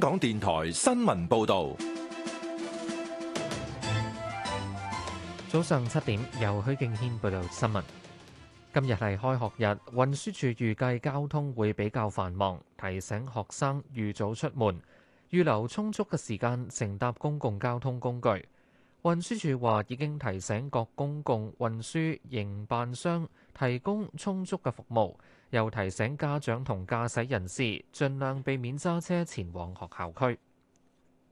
香港電台新聞報道，早上七點由許敬軒報道新聞。今日係開學日，運輸處預計交通會比較繁忙，提醒學生預早出門，預留充足嘅時間乘搭公共交通工具。運輸處話已經提醒各公共運輸營辦商提供充足嘅服務。又提醒家長同駕駛人士盡量避免揸車前往學校區。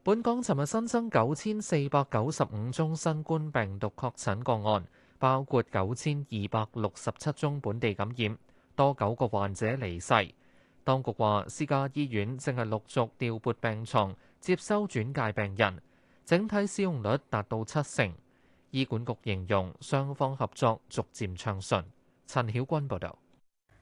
本港尋日新增九千四百九十五宗新冠病毒確診個案，包括九千二百六十七宗本地感染，多九個患者離世。當局話私家醫院正係陸續調撥病床，接收轉介病人，整體使用率達到七成。醫管局形容雙方合作逐漸暢順。陳曉君報導。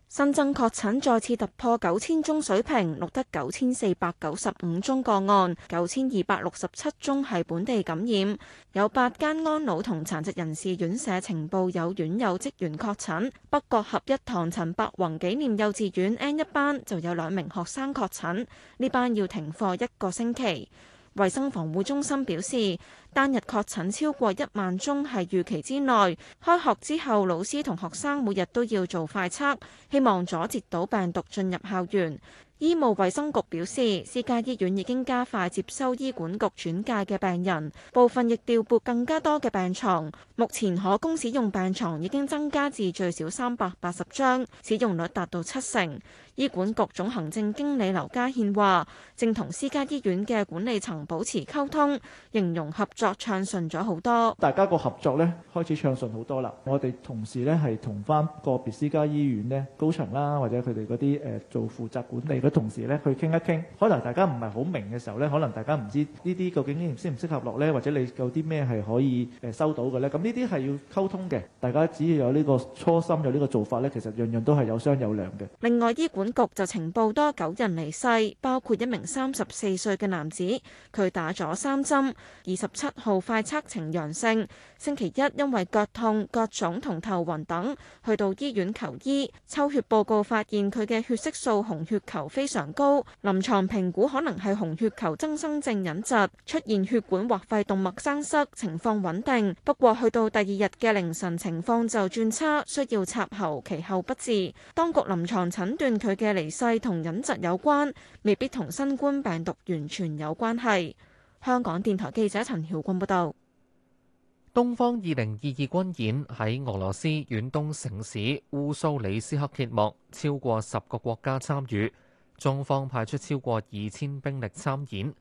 新增確診再次突破九千宗水平，錄得九千四百九十五宗個案，九千二百六十七宗係本地感染。有八間安老同殘疾人士院舍情報有院友職員確診，北角合一堂陳百宏紀念幼稚園 N 一班就有兩名學生確診，呢班要停課一個星期。衞生防護中心表示。單日確診超過一萬宗係預期之內。開學之後，老師同學生每日都要做快測，希望阻截到病毒進入校園。醫務衛生局表示，私家醫院已經加快接收醫管局轉介嘅病人，部分亦調撥更加多嘅病床。目前可供使用病床已經增加至最少三百八十張，使用率達到七成。醫管局總行政經理劉家獻話，正同私家醫院嘅管理層保持溝通，形容合作暢順咗好多，大家個合作咧開始暢順好多啦。我哋同時咧係同返個別私家醫院咧高層啦，或者佢哋嗰啲誒做負責管理嘅同事咧去傾一傾。可能大家唔係好明嘅時候咧，可能大家唔知呢啲究竟應唔適唔適合落咧，或者你有啲咩係可以誒收到嘅咧。咁呢啲係要溝通嘅。大家只要有呢個初心，有呢個做法咧，其實樣樣都係有商有量嘅。另外，醫管局就情報多九人離世，包括一名三十四歲嘅男子，佢打咗三針，二十七。號快測呈陽性，星期一因為腳痛、腳腫同頭暈等，去到醫院求醫，抽血報告發現佢嘅血色素紅血球非常高，臨床評估可能係紅血球增生症隱疾，出現血管或肺動脈栓塞，情況穩定。不過去到第二日嘅凌晨，情況就轉差，需要插喉，其後不治。當局臨床診斷佢嘅離世同隱疾有關，未必同新冠病毒完全有關係。香港電台記者陳曉君報道，東方二零二二軍演喺俄羅斯遠東城市烏蘇里斯克揭幕，超過十個國家參與，中方派出超過二千兵力參演。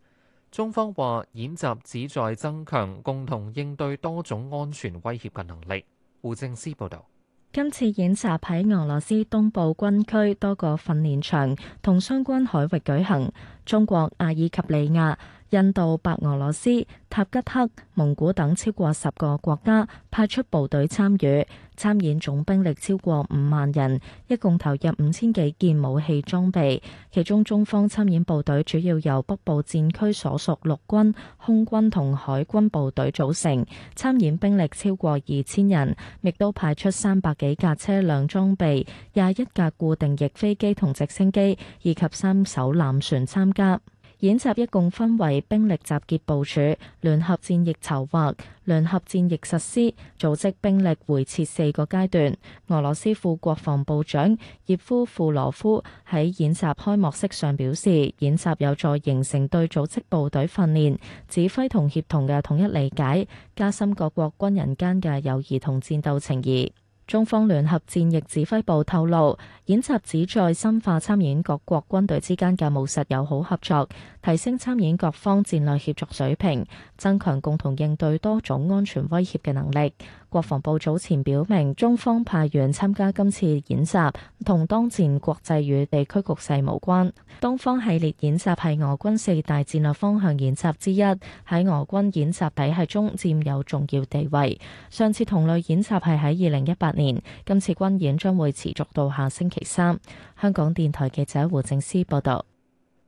中方話演習旨在增強共同應對多種安全威脅嘅能力。胡正思報道，今次演習喺俄羅斯東部軍區多個訓練場同相關海域舉行，中國、阿爾及利亞。印度、白俄羅斯、塔吉克、蒙古等超過十個國家派出部隊參與，參演總兵力超過五萬人，一共投入五千幾件武器裝備，其中中方參演部隊主要由北部戰區所屬陸軍空軍同海軍部隊組成，參演兵力超過二千人，亦都派出三百幾架車輛裝備，廿一架固定翼飛機同直升機，以及三艘艦船參加。演習一共分為兵力集結部署、聯合戰役籌劃、聯合戰役實施、組織兵力回撤四個階段。俄羅斯副國防部長葉夫庫羅夫喺演習開幕式上表示，演習有助形成對組織部隊訓練、指揮同協同嘅統一理解，加深各國軍人間嘅友誼同戰鬥情誼。中方聯合戰役指揮部透露，演習旨在深化參演各國軍隊之間嘅務實友好合作，提升參演各方戰略協作水平，增強共同應對多種安全威脅嘅能力。國防部早前表明，中方派員參加今次演習，同當前國際與地區局勢無關。東方系列演習係俄軍四大戰略方向演習之一，喺俄軍演習體系中佔有重要地位。上次同類演習係喺二零一八年，今次軍演將會持續到下星期三。香港電台記者胡正思報道。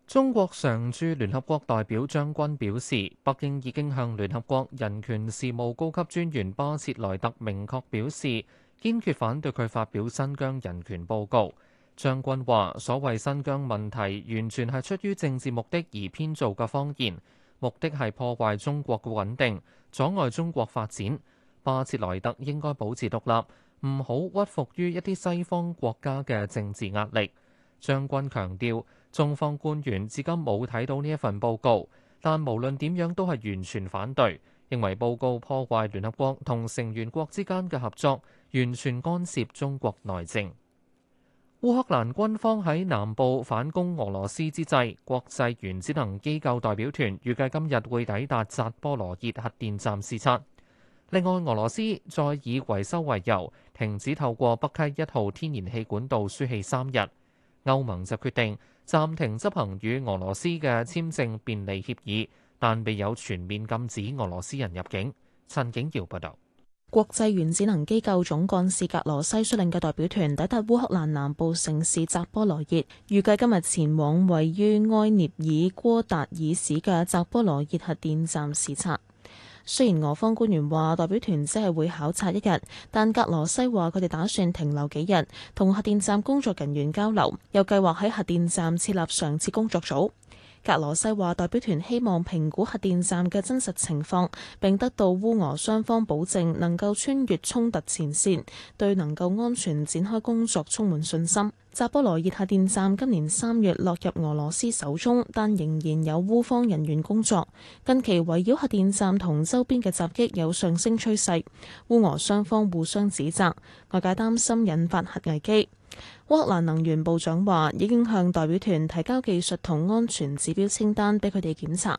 中國常駐聯合國代表張軍表示，北京已經向聯合國人權事務高級專員巴切萊特明確表示，堅決反對佢發表新疆人權報告。張軍話：所謂新疆問題，完全係出於政治目的而編造嘅謊言，目的係破壞中國嘅穩定，阻礙中國發展。巴切萊特應該保持獨立，唔好屈服於一啲西方國家嘅政治壓力。張軍強調，中方官員至今冇睇到呢一份報告，但無論點樣都係完全反對，認為報告破壞聯合國同成員國之間嘅合作，完全干涉中國內政。烏克蘭軍方喺南部反攻俄羅斯之際，國際原子能機構代表團預計今日會抵達扎波羅熱核電站視察。另外，俄羅斯再以維修為由，停止透過北溪一號天然氣管道輸氣三日。歐盟就決定暫停執行與俄羅斯嘅簽證便利協議，但未有全面禁止俄羅斯人入境。陳景堯報道，國際原子能機構總幹事格羅西率領嘅代表團抵達烏克蘭南部城市扎波羅熱，預計今日前往位於埃涅爾戈達爾市嘅扎波羅熱核電站視察。雖然俄方官員話代表團只係會考察一日，但格羅西話佢哋打算停留幾日，同核電站工作人員交流，又計劃喺核電站設立常設工作組。格羅西話：代表團希望評估核電站嘅真實情況，並得到烏俄雙方保證能夠穿越衝突前線，對能夠安全展開工作充滿信心。扎波羅熱核電站今年三月落入俄羅斯手中，但仍然有烏方人員工作。近期圍繞核電站同周邊嘅襲擊有上升趨勢，烏俄雙方互相指責，外界擔心引發核危機。烏克蘭能源部長話已經向代表團提交技術同安全指標清單俾佢哋檢查。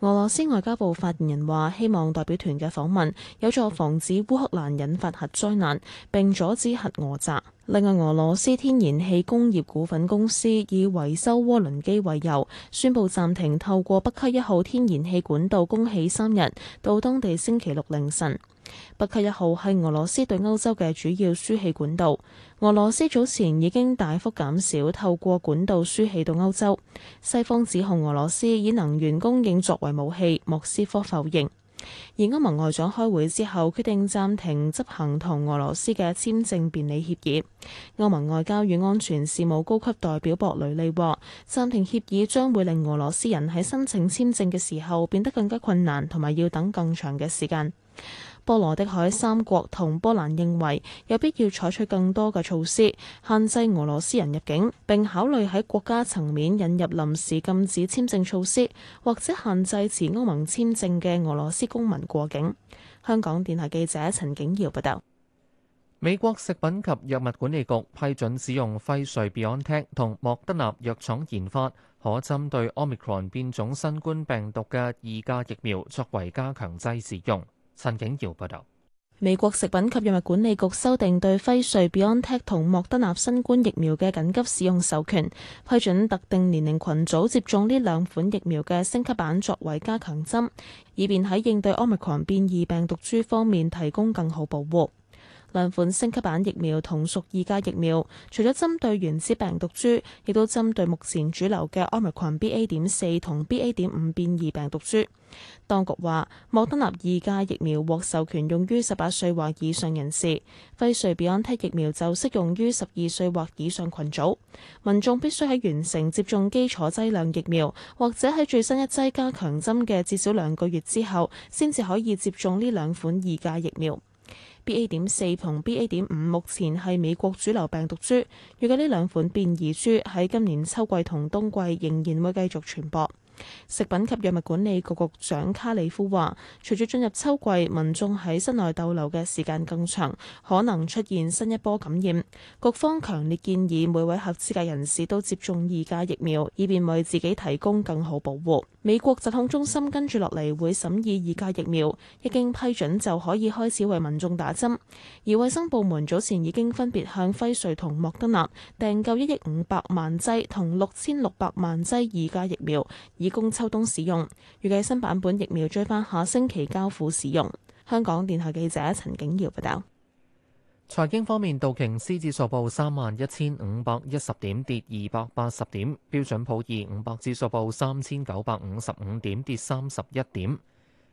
俄羅斯外交部發言人話：希望代表團嘅訪問有助防止烏克蘭引發核災難，並阻止核訛詐。另外，俄羅斯天然氣工業股份公司以維修渦輪機為由，宣布暫停透過北溪一號天然氣管道供氣三日，到當地星期六凌晨。北溪一號係俄羅斯對歐洲嘅主要輸氣管道。俄羅斯早前已經大幅減少透過管道輸氣到歐洲。西方指控俄羅斯以能源供應作為武器，莫斯科否認。而歐盟外長開會之後，決定暫停執行同俄羅斯嘅簽證便利協議。歐盟外交與安全事務高級代表博雷利話：暫停協議將會令俄羅斯人喺申請簽證嘅時候變得更加困難，同埋要等更長嘅時間。波羅的海三國同波蘭認為有必要採取更多嘅措施，限制俄羅斯人入境，並考慮喺國家層面引入臨時禁止簽證措施，或者限制持歐盟簽證嘅俄羅斯公民過境。香港電台記者陳景耀報道。美國食品及藥物管理局批准使用輝瑞 BioNTech 同莫德納藥,藥廠研發可針對 Omicron 變種新冠病毒嘅二價疫苗作為加強劑使用。陳景耀報道：美國食品及藥物管理局修訂對輝瑞、BioNTech 同莫德納新冠疫苗嘅緊急使用授權，批准特定年齡群組接種呢兩款疫苗嘅升級版作為加強針，以便喺應對 Omicron 變異病毒株方面提供更好保護。兩款升級版疫苗同屬二價疫苗，除咗針對原子病毒株，亦都針對目前主流嘅 Omicron BA. 點四同 BA. 點五變異病毒株。當局話，莫德納二價疫苗獲授權用於十八歲或以上人士，輝瑞 BioNTech 疫苗就適用於十二歲或以上群組。民眾必須喺完成接種基礎劑量疫苗或者喺最新一劑加強針嘅至少兩個月之後，先至可以接種呢兩款二價疫苗。BA. 點四同 BA. 點五目前係美國主流病毒株，預計呢兩款變異株喺今年秋季同冬季仍然會繼續傳播。食品及藥物管理局局長卡里夫話，隨住進入秋季，民眾喺室內逗留嘅時間更長，可能出現新一波感染。局方強烈建議每位合資格人士都接種二價疫苗，以便為自己提供更好保護。美國疾控中心跟住落嚟會審議二價疫苗，一經批准就可以開始為民眾打針。而衛生部門早前已經分別向輝瑞同莫德納訂購一億五百萬劑同六千六百萬劑二價疫苗。以供秋冬使用，預計新版本疫苗最快下星期交付使用。香港電台記者陳景瑤報道。財經方面，道瓊斯指數報三萬一千五百一十點，跌二百八十點；標準普爾五百指數報三千九百五十五點，跌三十一點。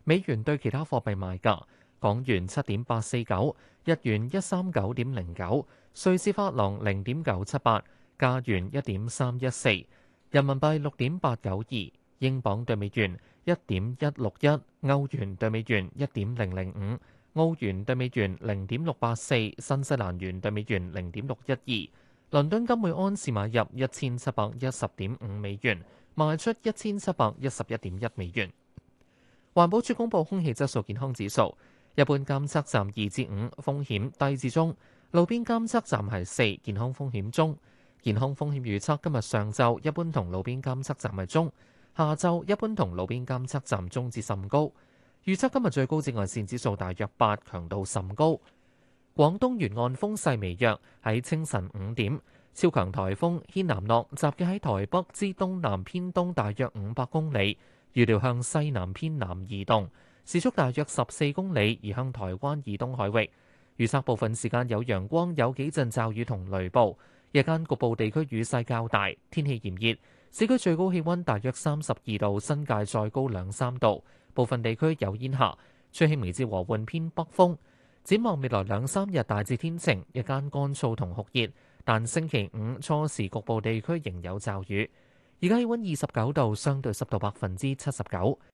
美元對其他貨幣賣價：港元七點八四九，日元一三九點零九，瑞士法郎零點九七八，加元一點三一四，人民幣六點八九二。英鎊兌美元一點一六一，歐元兌美元一點零零五，澳元兌美元零點六八四，新西蘭元兌美元零點六一二。倫敦金每安士買入一千七百一十點五美元，賣出一千七百一十一點一美元。環保署公布空氣質素健康指數，一般監測站二至五，5，風險低至中；路邊監測站係四，健康風險中。健康風險預測今日上晝一般同路邊監測站係中。下晝一般同路邊監測站中至甚高，預測今日最高紫外線指數大約八，強度甚高。廣東沿岸風勢微弱，喺清晨五點，超強颱風軒嵐諾，集結喺台北至東南偏東大約五百公里，預料向西南偏南移動，時速大約十四公里，移向台灣以東海域。預測部分時間有陽光，有幾陣驟雨同雷暴，日間局部地區雨勢較大，天氣炎熱。市區最高氣温大約三十二度，新界再高兩三度，部分地區有煙霞，吹輕微至和緩偏北風。展望未來兩三日大致天晴，日間乾燥同酷熱，但星期五初時局部地區仍有驟雨。而家氣温二十九度，相對濕度百分之七十九。